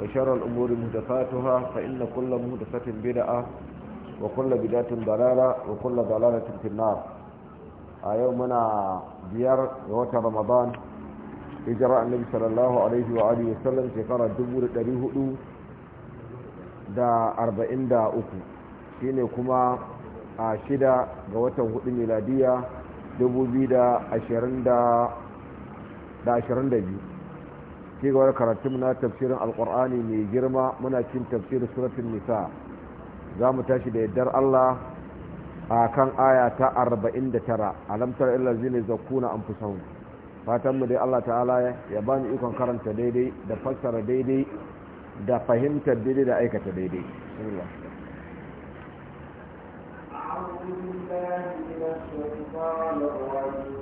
وشر الأمور مهدفاتها فإن كل مهدفة بدعة وكل بدعة ضلالة وكل ضلالة في النار يومنا بيار يوتا رمضان إجراء النبي صلى الله عليه وآله وسلم شكرا دبور تريه da arba'in da uku shine kuma a shida ga watan hudu miladiya dubu biyu da ashirin da ashirin da biyu ci gaba da karatun na tafsirin alkur'ani mai girma muna cin tafsirin suratun nisa za mu tashi da yardar allah a kan aya ta 49 alamtar illazina zakuna anfusahum fatan mu dai allah ta'ala ya bani ikon karanta daidai da fassara daidai da fahimtar daidai da aikata daidai أعوذ بالله من الشيطان الرجيم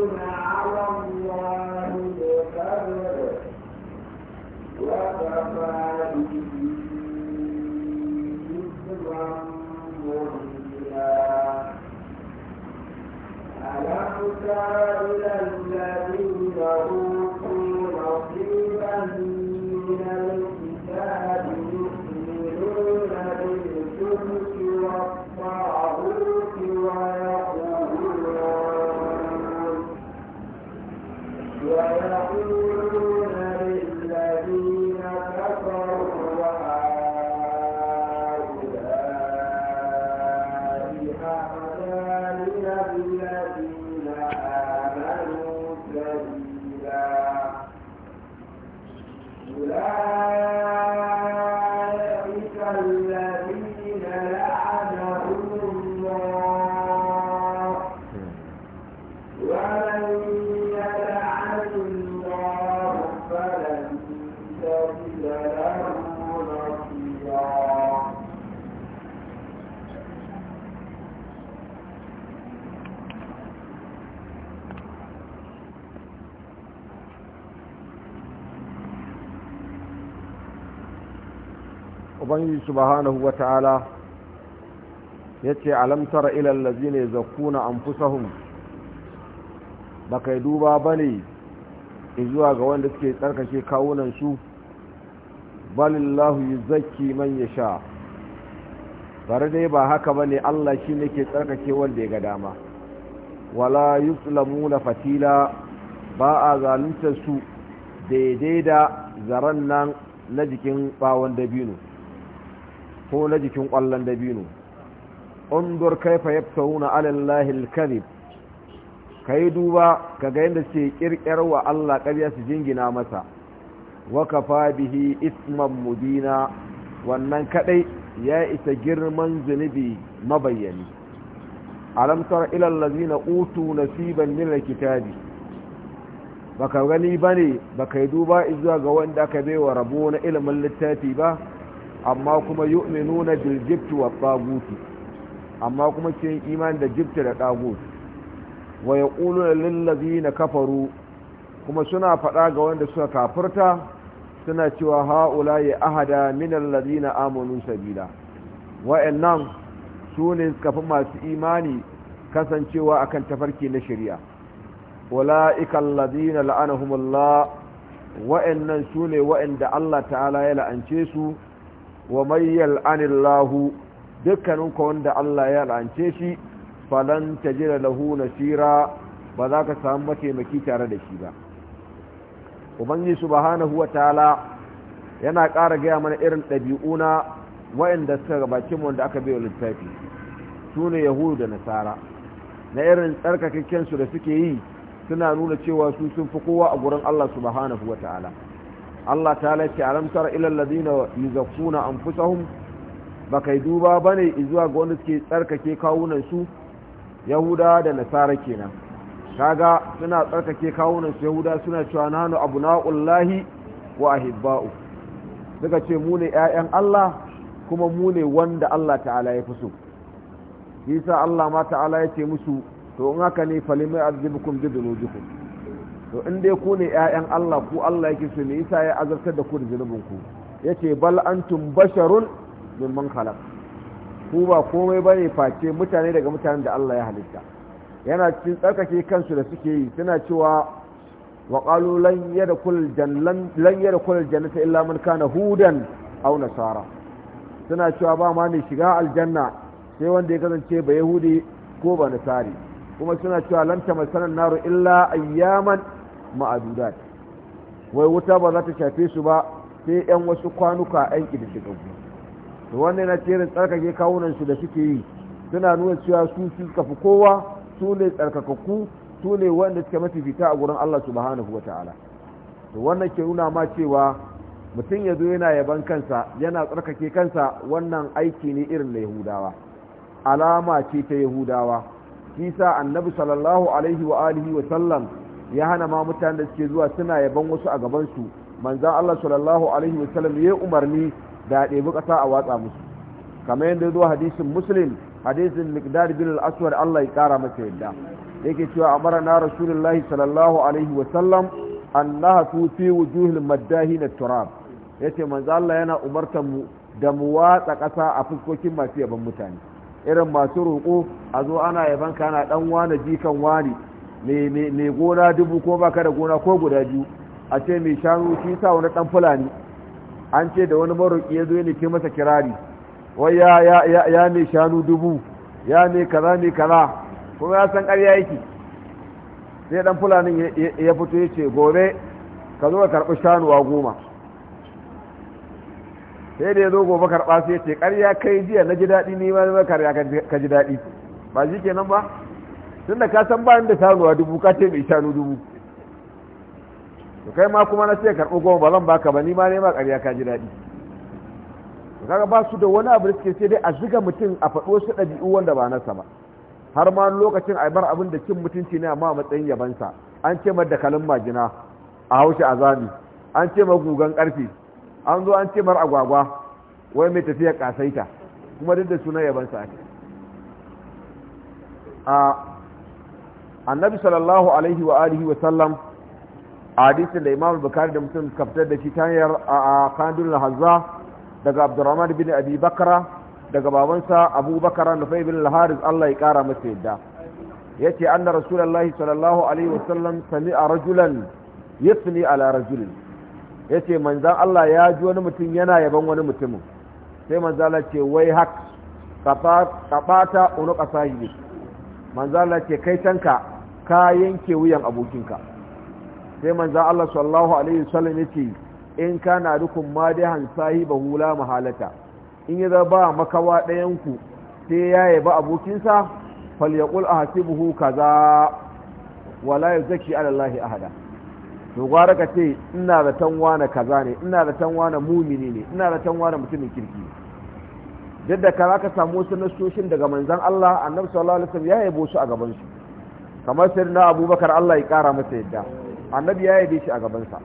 ألم تر إلى الذين ubangiji subhanahu wata'ala ya ce alamtara ilal lazina yazakkuna anfusahum bakai duba bane zuwa ga wanda suke tsarkake kawunan su balillahu yuzakki man sha. bare dai ba haka bane Allah ne ke tsarkake wanda ya ga dama wala yuslamuna fatila ba a zaluntar su daidai da zaren nan na jikin bawon dabino ko na jikin ƙwallon dabino fita kaifa yaftaruna ala allahi Ka yi duba ka ga yadda suke ƙirƙiyar wa Allah ƙarya su jingina masa wa kafa bihi isman mubina wannan kaɗai ya isa girman zunubi mabayyani alam tara ila na utu nasiban kitabi Ba baka gani ba ka baka duba zuwa ga wanda ka baiwa rabo na ilimin littafi ba amma kuma yu'minu nuna jibti wa taguti amma kuma ke yin imani da jibti da taguti wa da lil na kafaru kuma suna faɗa ga wanda suka kafarta, suna cewa haula ya ahada min alladhina amanu sabila wa'annan su ne suka masu imani kasancewa akan tafarki na shari'a ula'ika na la'anahumullah wa'annan su ne wa'anda Allah ta'ala ya la'ance su wa mai yal'anillahu dukkanin wanda Allah ya la'ance shi falan tajira lahu nasira ba za ka samu mataimaki tare da shi ba ubangi subhanahu wa ta'ala yana ƙara gaya mana irin ɗabi'una wa'inda suka gabace wanda aka bai littafi su ne yahudu da nasara na irin tsarkakakken su da suke yi suna nuna cewa su sun fi kowa a gurin Allah subhanahu wa ta'ala Allah ta alamtar alam tara ila allazina yuzakkuna anfusahum bakai duba bane zuwa ga wanda suke tsarkake kawunan su yahuda da nasara kenan kaga suna tsarkake kawunan su yahuda suna cewa nanu abnaullahi wa ahibba'u suka ce mu ne ƴaƴan Allah kuma mu ne wanda Allah ta'ala ya fi so yasa Allah ma ta'ala ya ce musu to in haka ne falimai azibukum bi to in dai ku ne 'ya'yan Allah ku Allah yake su me yasa ya azartar da ku da zunubin ku yace bal antum basharun man khalaq ku ba komai bane face mutane daga mutanen da Allah ya halitta yana cikin tsarkake kansu da suke yi suna cewa wa qalu lan yadkhul jannan lan yadkhul jannata illa man kana hudan aw nasara suna cewa ba ma ne shiga aljanna sai wanda ya kasance ba yahudi ko ba nasari kuma suna cewa lan tamassana naru illa ayyaman ma'adudat wai wuta ba za ta shafe su ba sai yan wasu kwanuka yan ƙididdigaggu to wannan na cerin tsarkake kawunansu da suke yi suna nuna cewa su suka fi kowa su ne tsarkakakku su ne wanda suka fita a gurin Allah subhanahu wata'ala to wannan ke nuna ma cewa mutum ya zo yana yaban kansa yana tsarkake kansa wannan aiki ne irin na yahudawa alama ce ta yahudawa shi sa annabi sallallahu ya hana ma mutanen da suke zuwa suna yaban wasu a gaban su manzan Allah sallallahu alaihi wasallam ya umarni da ya ɗebi ƙasa a watsa musu kamar yadda zuwa hadisin muslim hadisin miqdad bin al-aswad Allah ya kara masa yadda yake cewa amara na rasulullahi sallallahu alaihi wasallam an nahatu fi wujuhil maddahin turab yace manzo Allah yana umartar mu da mu watsa ƙasa a fuskokin masu yaban mutane irin masu roƙo a zo ana yaban ka ana dan wani jikan wani mai gona dubu ko baka da gona ko guda biyu a ce mai shanu shi sa wani dan fulani an ce da wani maroƙi ya zo ya nufi masa kirari wai ya ya ya mai shanu dubu ya mai kaza mai kaza kuma ya san ƙarya yake sai dan fulanin ya fito ya ce gobe ka zo ka karɓi shanuwa goma sai da ya zo gobe karɓa sai ya ce ƙarya kai jiya na ji daɗi ne ma karya ka ji daɗi ba shi kenan ba tun da ka san bayan da shanuwa dubu ka mai shanu dubu to kai ma kuma na sai karɓo goma ba zan baka ba ni ma ne ma ƙarya ka ji daɗi to kaga ba su da wani abu da suke sai dai a ziga mutum a faɗo su ɗabi'u wanda ba na sama har ma lokacin a bar abin da cin mutunci ne amma a matsayin yabansa an ce mar da kalin majina a haushe a zabi an ce mar gugan ƙarfe an zo an ce mar agwagwa wai mai tafiyar ƙasaita kuma duk da sunan yabansa ake a annabi sallallahu alaihi wa alihi wa sallam a hadisin da imam bukari da mutum suka fitar da shi ta hanyar a kandun lahazza daga abdurrahman bin abi bakara daga babansa abu bakara nufai bin laharis allah ya kara masa yadda ya ce an da rasulallahi sallallahu alaihi wa sallam sami a rajulan yasni ala rajulin ya ce manzan allah ya ji wani mutum yana yaban wani mutumin sai manzala ce wai hak ka ɓata unuka sahibi manzala ce kai canka ka yanke wuyan abokinka sai manzan Allah sallallahu alaihi wasallam ya ce in kana dukun madihan ba hula mahalata in ya zaba makawa ɗayanku sai ya yaba abokinsa falyaqul ahsibuhu kaza wala yuzaki ala allahi ahada to gwara ka ce ina da tanwa na kaza ne ina da tanwa na mumini ne ina da tanwa na mutumin kirki ne duk da ka za ka samu wasu nasoshin daga manzan Allah annabi sallallahu alaihi wasallam ya yabo su a gaban su kamar na abubakar Allah ya kara masa yadda annabi ya yabe shi a gabansa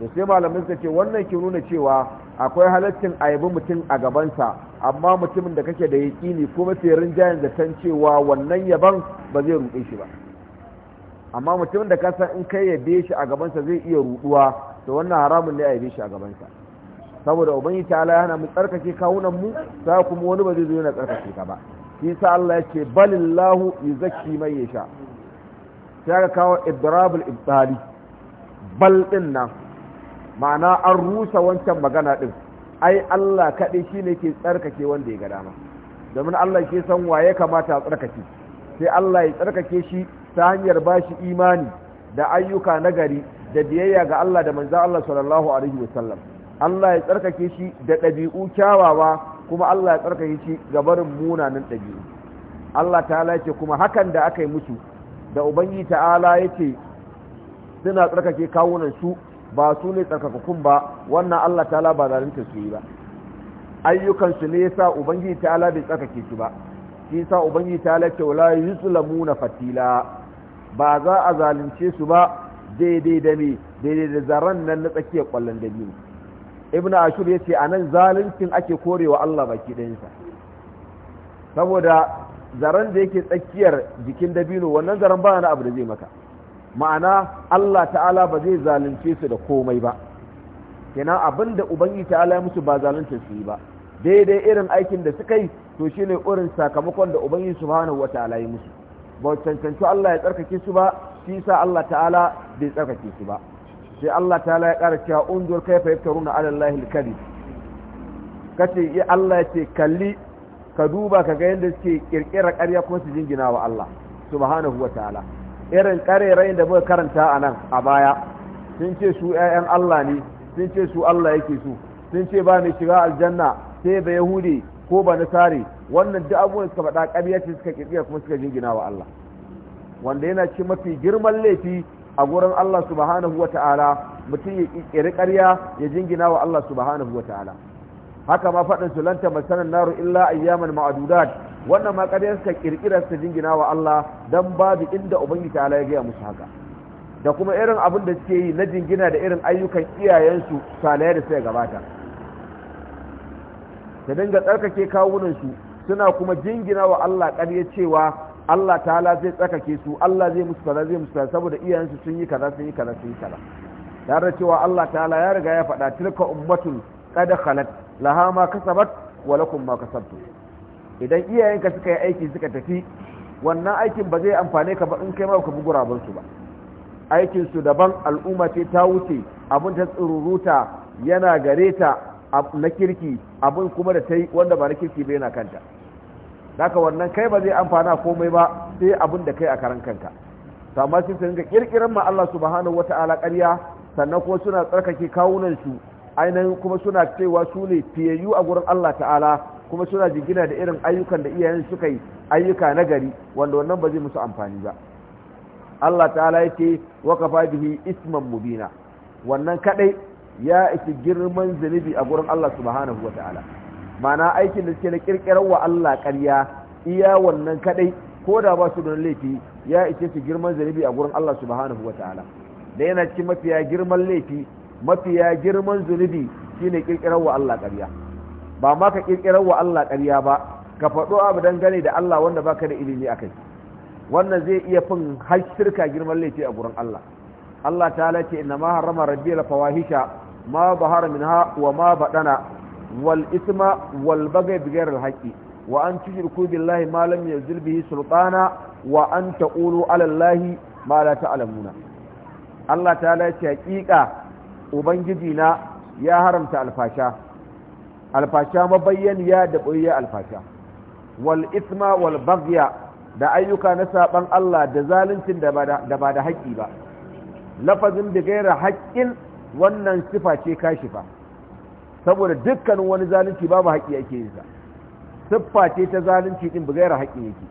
da sai malamin sa ce wannan ke nuna cewa akwai halaccin ayabi mutum a gabansa amma mutumin da kake da yaƙini ko sai rinjayen zaton cewa wannan yaban ba zai ruɗe shi ba amma mutumin da san in kai yabe shi a gabansa zai iya ruɗuwa to wannan haramun ne a yabe shi a gabansa saboda ubangiji ta ala yana mu tsarkake kawunan mu sai kuma wani ba zai zo yana tsarkake ka ba isa Allah ya ce balillahu mai ya yasha sai aka kawo idrabul ibtali bal din nan ma'ana an rusa wancan magana din ai Allah kaɗai ne ke tsarkake wanda ya ga dama domin Allah ke san ya kamata a tsarkake sai Allah ya tsarkake shi ta hanyar ba shi imani da ayyuka nagari da biyayya ga Allah da manzan Allah sallallahu alaihi wasallam Allah ya tsarkake shi da ɗabi'u kyawawa kuma Allah ya tsarkake shi ga barin munanan ɗabi'u Allah ta'ala ya ce kuma hakan da aka yi musu da ubangi ta'ala ya ce suna tsarkake kawunan su ba su ne tsarkakakun ba wannan Allah ta'ala ba zalunta su yi ba ayyukan su ne yasa ubangi ta'ala bai tsarkake su ba shi yasa ubangi ta'ala ce wala na fatila ba za a zalunce su ba daidai da me daidai da zaran nan na tsakiyar kwallon dabi'u ibn ashur ya ce a nan zaluncin ake korewa allah baki ɗayansa saboda zaren da yake tsakiyar jikin dabino wannan zaren ba na abu da zai maka ma'ana allah ta'ala ba zai zalunce su da komai ba kenan abinda da ubangiji ta'ala ya musu ba zaluncin su yi ba daidai irin aikin da suka yi to shine irin sakamakon da ubangiji subhanahu wata'ala ya musu ba cancanci allah ya tsarkake su ba shi sa allah ta'ala bai tsarkake su ba sai Allah ta ya ƙara cewa unzur kaifa yaftaruna ala Allahi al-kadhib kace ya Allah ce kalli ka duba ka ga yanda suke kirkira ƙarya kuma su jingina wa Allah subhanahu wa ta'ala irin ƙarerayin da muka karanta a nan a baya sun ce su 'ya'yan Allah ne sun ce su Allah yake su sun ce ba mai shiga aljanna sai ba yahudi ko ba nasari wannan duk abubuwan suka faɗa ƙarya ce suka kirkira kuma suka jingina wa Allah wanda yana ci mafi girman laifi a gurin Allah subhanahu wa ta'ala mutum ya kiri ƙarya ya jingina wa Allah subhanahu wa ta'ala haka ma faɗin su lanta masanan naru illa ayyaman ma'adudat wannan ma ƙarya suka jingina wa Allah dan babu inda ubangi ta'ala ya gaya musu haka da kuma irin abin da suke yi na jingina da irin ayyukan iyayensu salaya da suka gabata ta dinga tsarkake kawunansu suna kuma jingina wa Allah ƙarya cewa Allah ta'ala zai tsakake su Allah zai musu kaza zai musu kaza saboda iyayensu sun yi kaza sun yi kaza sun yi kaza tare da cewa Allah ta'ala ya riga ya faɗa tilka ummatun qad khalat laha ma kasabat wa lakum ma kasabtum idan iyayenka suka yi aiki suka tafi wannan aikin ba zai amfane ka ba in kai ma ka bugu gurabun su ba aikin su daban al'umma ce ta wuce abin ta tsururuta yana gare ta na kirki abun kuma da ta yi wanda ba na kirki ba yana kanta daga wannan kai ba zai amfana komai ba sai abin da kai a karan kanka to amma sai ga rinka ma Allah subhanahu wataala ƙarya sannan kuma suna tsarkake kawunan su ainihin kuma suna cewa su ne fiyayyu a gurin Allah ta'ala kuma suna jigina da irin ayyukan da iyayen su kai ayyuka na gari wanda wannan ba zai musu amfani ba Allah ta'ala ya ce wa kafa bihi isman mubina wannan kadai ya isi girman zunubi a gurin Allah subhanahu wataala ta'ala ma'ana aikin da suke na kirkirar wa Allah ƙarya iya wannan kadai ko da ba su da laifi ya ishe su girman zanibi a gurin Allah subhanahu wa ta'ala da yana cikin mafiya girman laifi mafiya girman zunubi shine kirkirar wa Allah ƙarya ba ma ka kirkirar wa Allah ƙarya ba ka faɗo abu dangane da Allah wanda baka da ilimi akai wannan zai iya fin har shirka girman laifi a gurin Allah Allah ta'ala ce inna ma harrama rabbi fawahisha ma bahara minha wa ma badana wal isma wal bagai bigar alhaqi wa an tushriku billahi ma lam yanzil bihi sultana wa an taqulu ala allahi ma la ubangiji na ya haramta alfasha alfasha mabayyaniya da alfasha wal isma wal da ayyuka na saban Allah da zaluncin da ba da haƙƙi ba lafazin da gaira haƙƙin wannan sifa ce kashifa saboda dukkanin wani zalunci babu haƙƙi ake yi sa siffa ce ta zalunci din bugayar haƙƙi yake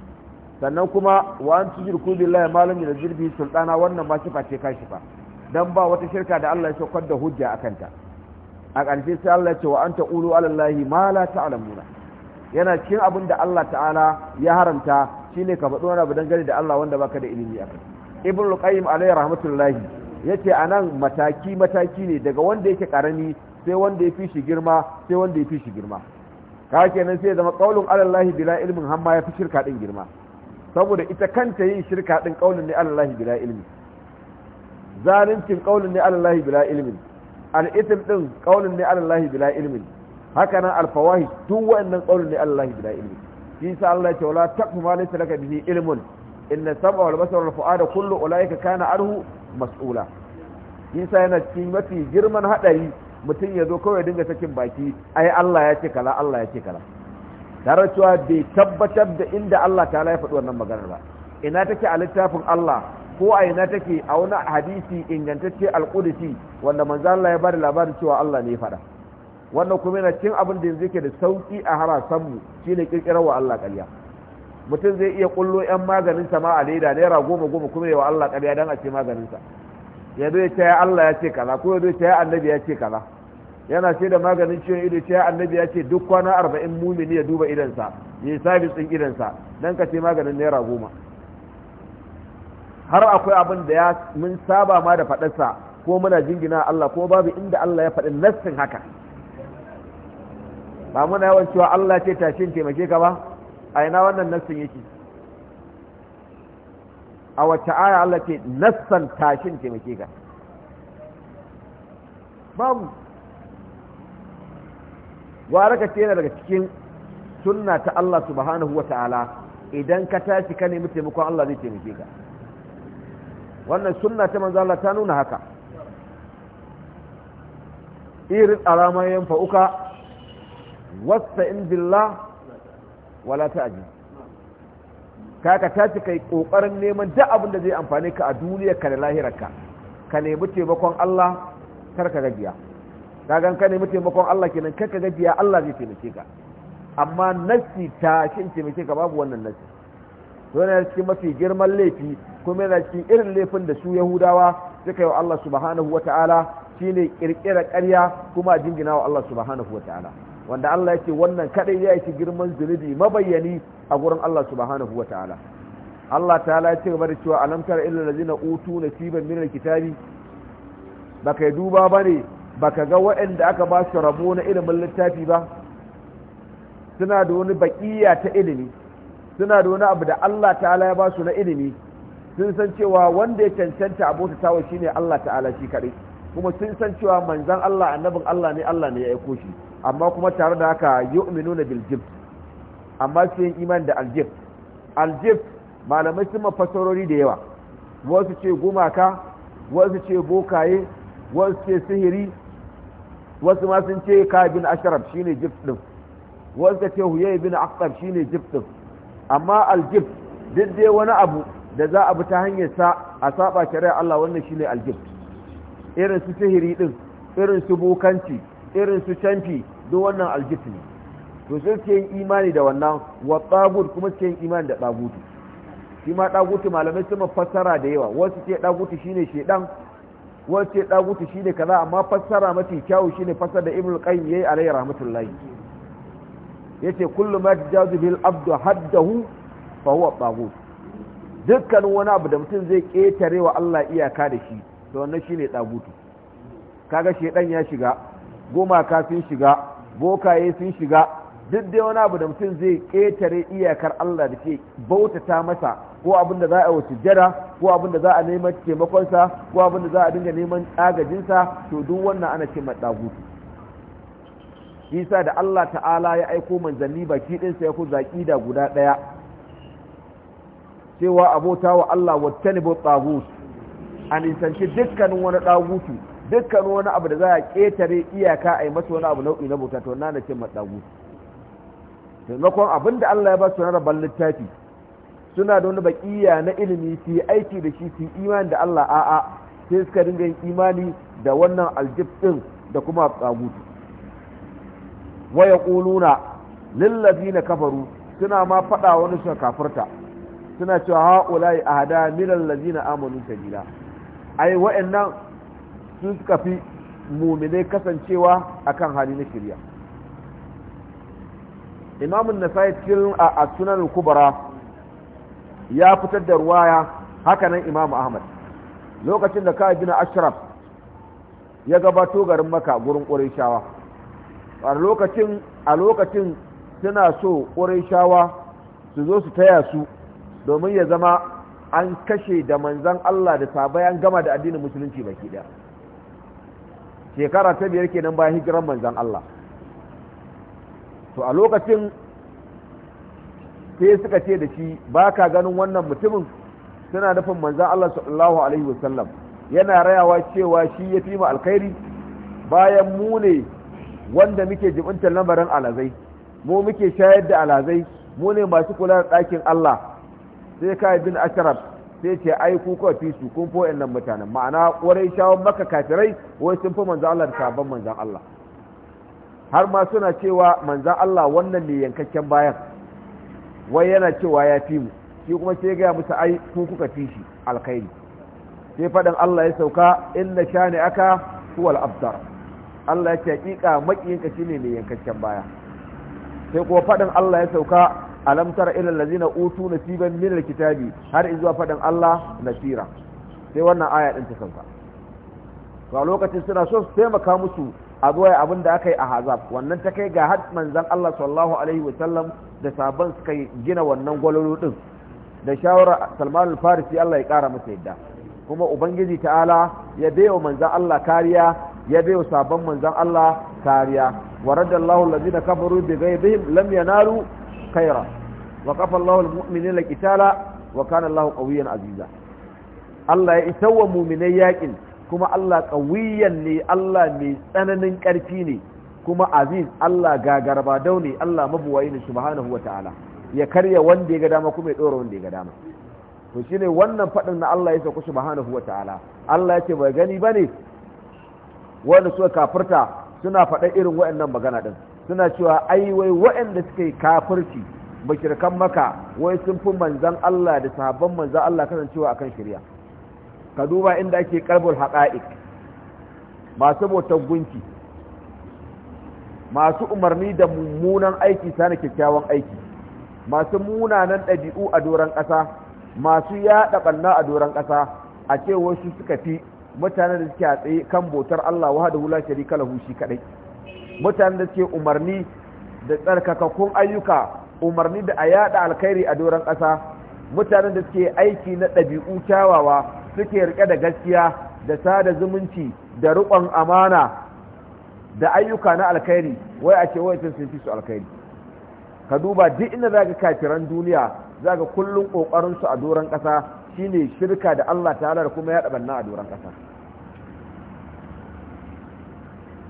sannan kuma wa an tujirku billahi malam da zirbi sultana wannan ba siffa ce ba dan ba wata shirka da Allah ya saukar da hujja akan ta a ƙarshe sai Allah ya ce wa anta ulu ala allahi ma la ta'lamuna yana cikin abin da Allah ta'ala ya haramta shine ka faɗo wani abu dangane da Allah wanda baka da ilimi akan ibn qayyim alayhi rahmatullahi yace anan mataki mataki ne daga wanda yake karami sai wanda ya fi shi girma sai wanda ya fi shi girma ka kenan sai ya zama kaulin alallahi bila ilmin hamma ya fi shirka din girma saboda ita kanta yin shirka din kaulin ne alallahi bila ilmi zalincin kaulin ne alallahi bila ilmi al'itim din kaulin ne alallahi bila ilmi haka nan alfawahi duk wa'annan qaulun ne alallahi bila ilmi shi sa Allah ya ce wala taqfu ma laysa laka bihi ilmun inna sab'a wal basara wal fu'ada kullu ulaika kana arhu mas'ula shi sa yana cikin mafi girman hadari mutum ya zo kawai dinga sakin baki ai Allah ya ce kala Allah ya ce kala tare cewa bai tabbatar da inda Allah ta ya faɗi wannan maganar ba ina take a littafin Allah ko a ina take a wani hadisi ingantacce alƙudisi wanda manzo Allah ya bada labarin cewa Allah ne ya faɗa wannan kuma yana cin abin da yanzu yake da sauki a harasan mu shine kirkirar wa Allah ƙarya mutum zai iya kullo yan maganin sa ma a leda naira goma goma kuma yawa Allah ƙarya dan a ce maganin sa ya zo ya ce Allah ya ce kaza ko ya zo ya ce ya annabi ya ce kaza yana ce da maganin ciwon ido ce annabi ya ce duk kwana arba'in mumini ya duba idansa ya yi sabis ɗin idansa don ka ce maganin naira goma har akwai abin da ya mun saba ma da faɗarsa ko muna jingina Allah ko babu inda Allah ya faɗi nassin haka ba muna yawan cewa Allah ce tashin taimake ka ba a ina wannan nassin yake a wacce aya Allah ce nassan tashin taimake ka babu gwara ka ce yana daga cikin sunna ta Allah subhanahu wa ta'ala idan ka tashi ka nemi taimakon Allah zai taimake ka wannan sunna ta manzo Allah ta nuna haka irin alama fa'uka wasta in billah wala ta'ji kaka tashi kai ƙoƙarin neman duk abin da zai amfani ka a duniya ka da lahirarka ka nemi taimakon Allah kar ka gajiya kagan ka ne mataimakon Allah kenan kaka gajiya Allah zai taimake ka amma nassi ta shin taimake ka babu wannan nassi to yana cikin mafi girman laifi kuma yana cikin irin laifin da su Yahudawa suka yi wa Allah subhanahu wata'ala shine kirkira ƙarya kuma a jingina wa Allah subhanahu wata'ala wanda Allah yake wannan kadai ya yi girman zunubi mabayyani a gurin Allah subhanahu wata'ala Allah ta'ala ya ce gaba da cewa alam tara illal ladina utu nasiban min alkitabi baka duba bane baka ga waɗanda aka ba su rabo na ilimin littafi ba suna da wani baƙiya ta ilimi suna da wani abu da Allah ta'ala ya ba su na ilimi sun san cewa wanda ya cancanta abota tawa shine Allah ta'ala shi kaɗai kuma sun san cewa manzan Allah annabin Allah ne Allah ne ya aiko shi amma kuma tare da haka yu'minuna bil jib amma su yin iman da al jib malamai sun mafasarori da yawa wasu ce gumaka wasu ce bokaye wasu ce sihiri wasu ma sun ce ka bin ashraf shine jif din wasu ka ce huye bin aqtab shine jif din amma aljif duk dai wani abu da za a bi ta hanyar sa a saba shari'a Allah wannan shine aljif irin su sihiri din irin su bukanci irin su canfi duk wannan aljif ne to sai ke imani da wannan wa tagut kuma ke imani da tagutu shi ma malamai sun fassara da yawa wasu ce tagutu shine shedan wace dagutu shine kaza amma fassara mafi kyawu shine fassar da ibnu qayyim yayi alayhi rahmatullahi yace kullu ma tajazu bil abdu haddahu fa huwa tagut dukkan wani abu da mutum zai ketare wa Allah iyaka da shi to wannan shine dagutu kaga shedan ya shiga goma ka sun shiga bokaye sun shiga duk dai wani abu da mutum zai ketare iyakar Allah da ke bautata masa ko abin da za a wasu jara ko abin da za a neman taimakonsa ko abin da za a dinga neman agajinsa to duk wannan ana ce ɗagutu isa da Allah ta'ala ya aiko manzanni baki ɗinsa ya zaƙi da guda ɗaya cewa abota wa Allah wata ne ɗagutu a nisanci dukkanin wani ɗagutu dukkanin wani abu da za a ƙetare iyaka a yi masa wani abu nau'i na bauta to na na ce ɗagutu taimakon abin da Allah ya ba su na rabar littafi suna da wani bakiya na ilimi su yi aiki da shi su yi imani da Allah a'a sai suka dinga yin imani da wannan aljib din da kuma tsagutu wa yaquluna na kafaru suna ma faɗa wani shi kafirta suna cewa ha'ulai ahada min na amanu sabila ai wa'annan sun suka fi muminai kasancewa akan hali na shirya imamun nasai cikin a sunan kubara ya fitar da ruwaya hakanan imam ahmad lokacin da ka bin ashraf ya gabato garin maka gurin ƙurishawa a lokacin a lokacin suna so ƙurishawa su zo su taya su domin ya zama an kashe da manzan Allah da sabayan gama da addinin musulunci baki daya shekara ta biyar kenan bayan hijiran manzan Allah to a lokacin sai suka ce da shi ba ka ganin wannan mutumin suna nufin manzan Allah sallallahu alaihi wasallam yana rayawa cewa shi ya fi ma alkhairi bayan mu ne wanda muke jibinta lamarin alazai mu muke shayar da alazai mu ne masu kula da ɗakin Allah sai ka yi bin asharar sai ce ai ku ko fi su kun fo'in nan mutanen ma'ana ƙwarai shawon maka kafirai wai sun fi manzan Allah da sabon manzan Allah har ma suna cewa manzan Allah wannan ne yankakken bayan wai yana cewa ya fi mu shi kuma sai gaya musu ai ku kuka fi shi alkhairi sai faɗin Allah ya sauka inna shani aka huwal abtar. Allah ya ce hakika makiyinka shine mai yankakken baya sai kuma faɗin Allah ya sauka alam tara ila allazina utu nasiban min alkitabi har izuwa faɗin Allah nasira sai wannan aya din ta sauka to a lokacin suna so su taimaka musu a zuwa abin da aka yi a hazab wannan ta kai ga har manzon Allah sallallahu alaihi wa sallam da sabon suka gina wannan gwalolo ɗin. da shawara salman al-farisi Allah ya kara masa yadda kuma ubangiji ta'ala ya baiwa manzan Allah kariya ya baiwa sabon manzan Allah kariya wa radallahu allazina kafaru bi ghaibihim lam yanalu khaira wa qafa Allahu al-mu'minina qitala wa kana Allahu qawiyyan aziza Allah ya isawa mu'minai yakin kuma Allah qawiyan ne Allah mai tsananin karfi ne kuma aziz Allah ga gagarba daune Allah mabuwayi ne subhanahu wata'ala ya karya wanda ya ga dama kuma ya dora wanda ya ga dama to shine wannan fadin na Allah ya sauka subhanahu wata'ala Allah ya ce bai gani bane wanda suka kafirta suna faɗa irin waɗannan magana din suna cewa ai wai waɗanda suka yi kafirci bakirkan maka wai sun fi manzan Allah da sahabban manzan Allah kasancewa akan shari'a ka duba inda ake kalbul haqa'iq masu bautar gunki masu umarni da mummunan aiki sana kyakkyawan aiki masu munanan ɗabi'u a doron ƙasa masu yaɗa ɓanna a doron ƙasa a ce wasu suka fi mutanen da suke tsaye kan botar Allah wa wahada hula sharika kala hushi kaɗai mutanen da suke umarni da tsarkakakkun ayyuka umarni da a yaɗa alkhairi a doron ƙasa mutanen da suke aiki na ɗabi'u kyawawa suke rike da gaskiya da sada zumunci da riƙon amana da ayyuka na alkhairi wai a ce wai sun fi su alkhairi ka duba duk inda zaka kafiran duniya zaka kullum kokarin su a doran kasa shine shirka da Allah ta'ala da kuma yada banna a doran kasa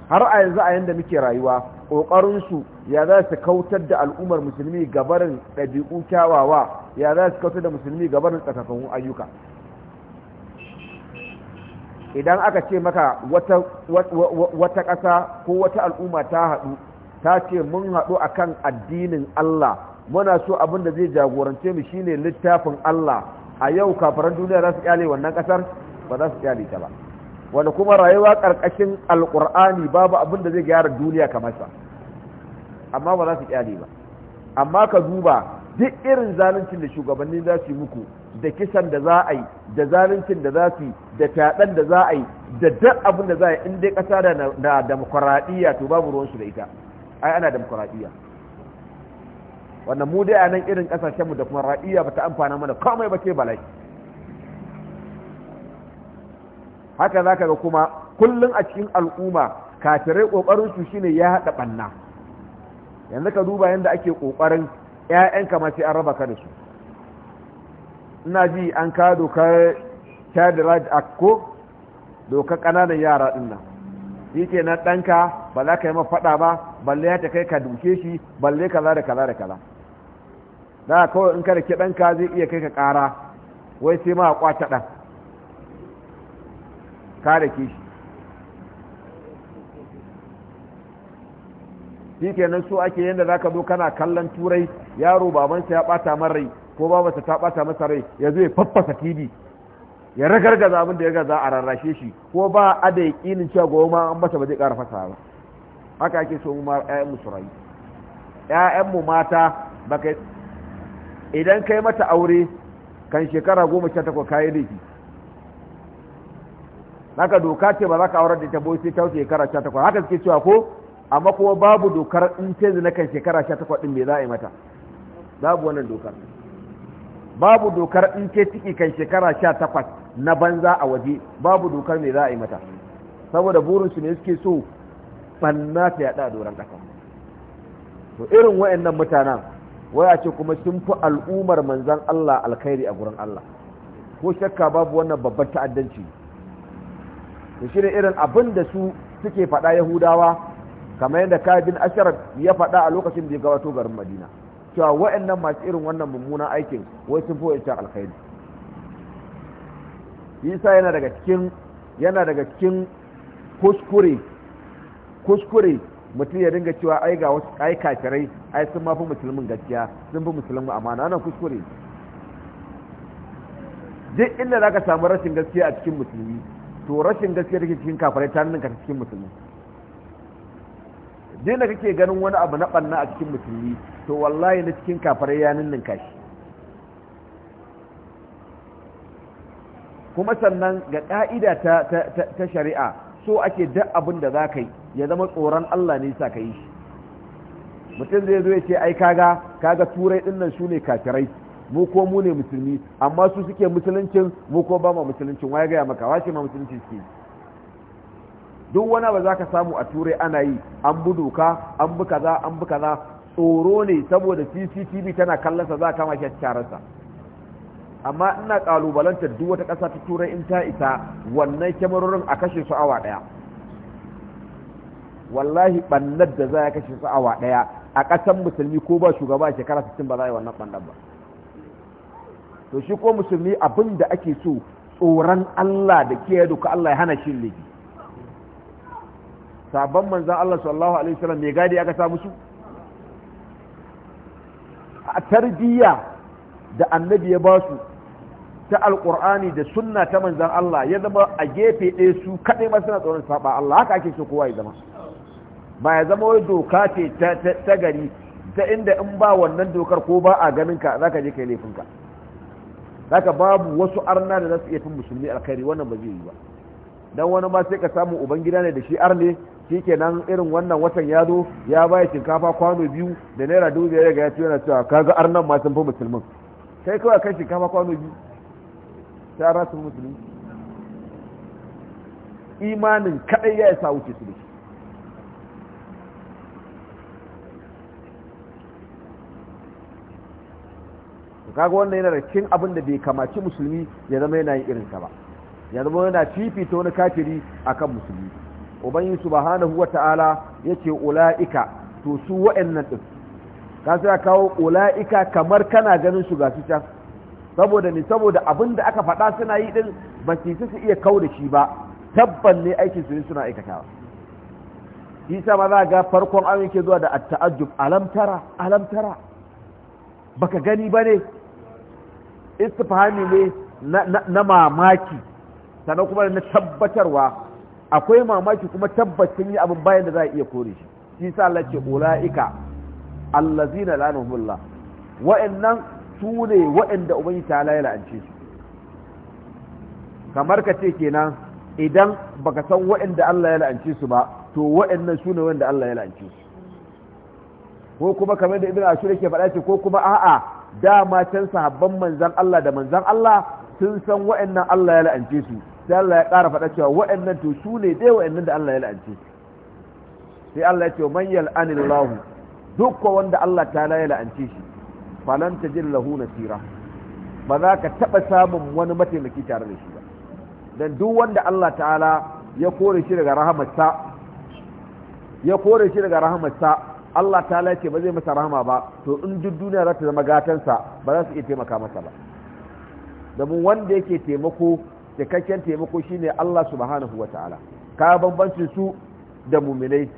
har a yanzu a yanda muke rayuwa kokarin su ya za su kautar da al'ummar musulmi gabarin dabi'u kyawawa ya za su kautar da musulmi gabarin tsakakun ayyuka idan aka ce maka wata ƙasa ko wata al'umma ta haɗu ta ce mun haɗu akan addinin Allah muna so abin da zai jagorance mu shine littafin Allah a yau kafaran duniya za su kyale wannan ƙasar ba za su kyale ta ba wani kuma rayuwa ƙarƙashin alƙur'ani babu abin da zai gyara duniya kamar sa amma ba za su kyale ba amma ka duba duk irin zaluncin da shugabanni za su yi muku da kisan da za a yi da zaluncin da za su yi da fyaɗen da za a yi da duk abin da za a yi in dai ƙasa da demokuraɗiyya to babu ruwansu da ita ai ana demokuraɗiyya wannan mu dai anan nan irin ƙasashenmu da kuma raɗiyya ba ta amfana mana komai ba ce balai haka za ka ga kuma kullum a cikin al'umma kafirai ƙoƙarin su shine ya haɗa ɓanna yanzu ka duba yadda ake ƙoƙarin 'ya'yanka ma sai an raba ka da su ina ji an ka dokar child right act ko dokar kananan yara ɗin nan shi ke na ɗanka ba za ka yi mafaɗa ba balle ya ta kai ka duke shi balle kaza da kaza da kaza za ka kawai in ka da ɗanka zai iya kai ka ƙara wai sai ma a ƙwata ɗan ka da ke shi shi nan so ake yadda za ka zo kana kallon turai yaro babansa ya ɓata man rai ko babarsa ta bata masa rai ya zo ya faffasa tv ya ragargaza abin da ya gaza a rarrashe shi ko ba a da yakinin cewa gobe ma an masa ba zai kara fasa ba haka ake so mu ƴaƴan mu su ƴaƴan mu mata baka idan kai mata aure kan shekara goma sha takwas kayi laifi haka doka ce ba za ka aurar da ta boye sai ta wuce shekara sha takwas haka suke cewa ko amma kuma babu dokar in ce na kan shekara sha takwas din me za a yi mata babu wannan dokar babu dokar in ke ciki kan shekara sha takwas na banza a waje babu dokar me za a yi mata saboda burinsu ne suke so banna ta yaɗa a doron ƙasa to irin wa'annan mutanen waya ce kuma sun fi al'ummar manzan Allah alkhairi a gurin Allah ko shakka babu wannan babban ta'addanci to ne irin abin da su suke faɗa yahudawa kamar yadda kabin ashirar ya faɗa a lokacin da ya gabato garin madina cewa waɗannan masu irin wannan mummunan aikin wai sun fi wa'ancan alkhairi isa yana daga cikin yana daga cikin kuskure kuskure mutum ya dinga cewa ai ga wasu ai kafirai ai sun mafi musulmin gaskiya sun fi musulmin amana wannan kuskure duk inda zaka samu rashin gaskiya a cikin musulmi to rashin gaskiya da cikin kafirai ta ka cikin musulmi daina kake ganin wani abu na banna a cikin musulmi to wallahi na cikin kafar ya nan shi kuma sannan ga ka'ida ta, ta, shari'a so ake duk abin da za ka yi ya zama tsoron Allah ne sa ka yi shi mutum zai zo ya ce ai kaga kaga turai din nan su ne kafirai mu ko mu ne musulmi amma su suke musuluncin mu ko ba ma musuluncin waya ga maka wace ma musuluncin suke duk wani ba za ka samu a turai ana yi an bi doka an bi kaza an bi kaza tsoro ne saboda cctv tana kallonsa za ka kama shi a amma ina kalubalantar duk wata ƙasa ta turai in ta isa wannan kyamarorin a kashe su awa ɗaya wallahi ɓannar da za ya kashe su awa ɗaya a ƙasan musulmi ko ba shugaba shekara 60 ba za a yi wannan ɓannar ba to shi ko musulmi abin da ake so tsoron allah da ke duka allah ya hana shi laifi sabon manzan Allah sallallahu alaihi wasallam mai gadi aka samu su? a tarbiyya da annabi ya ba su ta alkur'ani da sunna ta manzan Allah ya zama a gefe ɗaya su kaɗai masu na tsoron saba Allah haka ake so kowa ya zama ba ya zama wai doka ce ta gari ta inda in ba wannan dokar ko ba a ganin ka za ka je kai laifinka za ka babu wasu arna da za su iya fin musulmi alkhairi wannan ba zai yi ba don wani ma sai ka samu ubangida ne da shi arne shikenan irin wannan watan ya zo ya baya shinkafa kwano biyu da naira dubu biyar ga ya ce yana cewa kaga arnan ma sun fi musulmin kai kawai kan shinkafa kwano biyu ta rasu musulmi imanin kaɗai ya isa wuce su da shi kaga wannan yana da kin abin da bai kamaci musulmi ya zama yana yin irinsa ba ya zama yana fifita wani kafiri akan musulmi ubangi subhanahu wa ta'ala yace ula'ika to su wa'annan din ka sai kawo ula'ika kamar kana ganin su ga can saboda ni saboda abin da aka faɗa suna yi din ba su su iya kau da shi ba tabban ne aikin su suna aikatawa shi sa ma za ga farkon an yake zuwa da at-ta'ajjub alam tara alam tara baka gani bane istifhami ne na mamaki sannan kuma na tabbatarwa akwai mamaki kuma tabbacin yi abin bayan da za a iya kore shi shi sa Allah ce ula'ika allazina la'anuhumullah wa'annan su ne wa'anda ubangi ta ya la'ance su kamar ka ce kenan idan baka san wa'anda Allah ya la'ance su ba to wa'annan su ne wa'anda Allah ya la'ance su ko kuma kamar da ibn ashur yake faɗa ce ko kuma a'a dama can sahabban manzan Allah da manzan Allah sun san wa'annan Allah ya la'ance su sai Allah ya ƙara faɗa cewa wa'annan to su ne dai wa'annan da Allah ya la'ance sai Allah ya ce man yal'anillahu dukkan wanda Allah ta ya la'ance shi falan jin lahu nasira ba za ka taɓa samun wani mataimaki tare da shi ba don duk wanda Allah ta'ala ya kore shi daga rahamarsa ya kore shi daga rahamarsa Allah ta'ala ce ba zai masa rahama ba to in duk duniya za ta zama gatansa ba za su iya taimaka masa ba domin wanda yake taimako cikakken taimako shine Allah subhanahu wa ta'ala ka bambanci su da muminai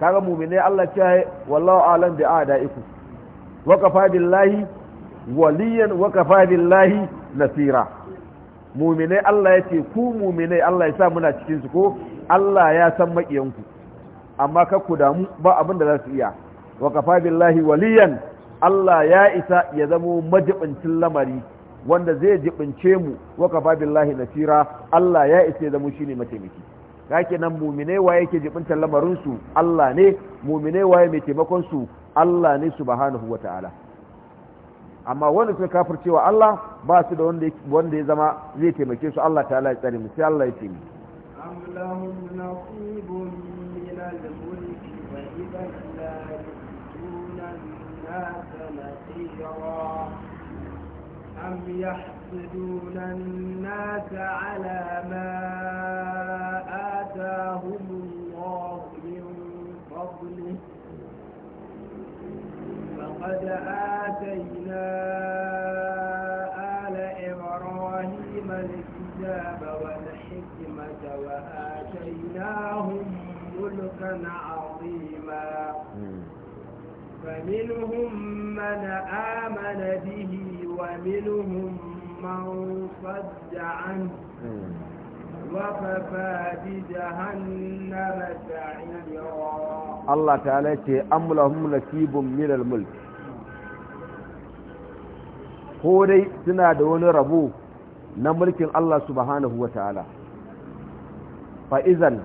kaga muminai Allah ce wallahu alam bi a'daiku wa kafa billahi waliyan wa kafa billahi nasira muminai Allah ya ce ku muminai Allah ya sa muna cikin su ko Allah ya san makiyanku amma ka ku damu ba abin da za su iya wa kafa billahi waliyan Allah ya isa ya zamo majibincin lamari wanda zai jibince mu wa kafa billahi nasira Allah ya isa da mu shine mataimaki kake nan mu'mine waye yake jibinta lamarin su Allah ne mu'mine waye mai taimakon su Allah ne subhanahu wataala amma wanda kafar kafircewa Allah ba su da wanda wanda ya zama zai taimake su Allah ta'ala ya tsare mu sai Allah ya ce mu am min al-mulki wa idan la أم يحسدون الناس على ما آتاهم الله من فضله فقد آتينا آل إبراهيم الكتاب والحكمة وآتيناهم ملكا عظيما فمنهم من آمن به ومنهم من صد عنه وكفى بجهنم سعيرا الله تعالى أم لهم نصيب من الملك ko dai suna da wani rabo na mulkin Allah subhanahu wa ta'ala fa'izan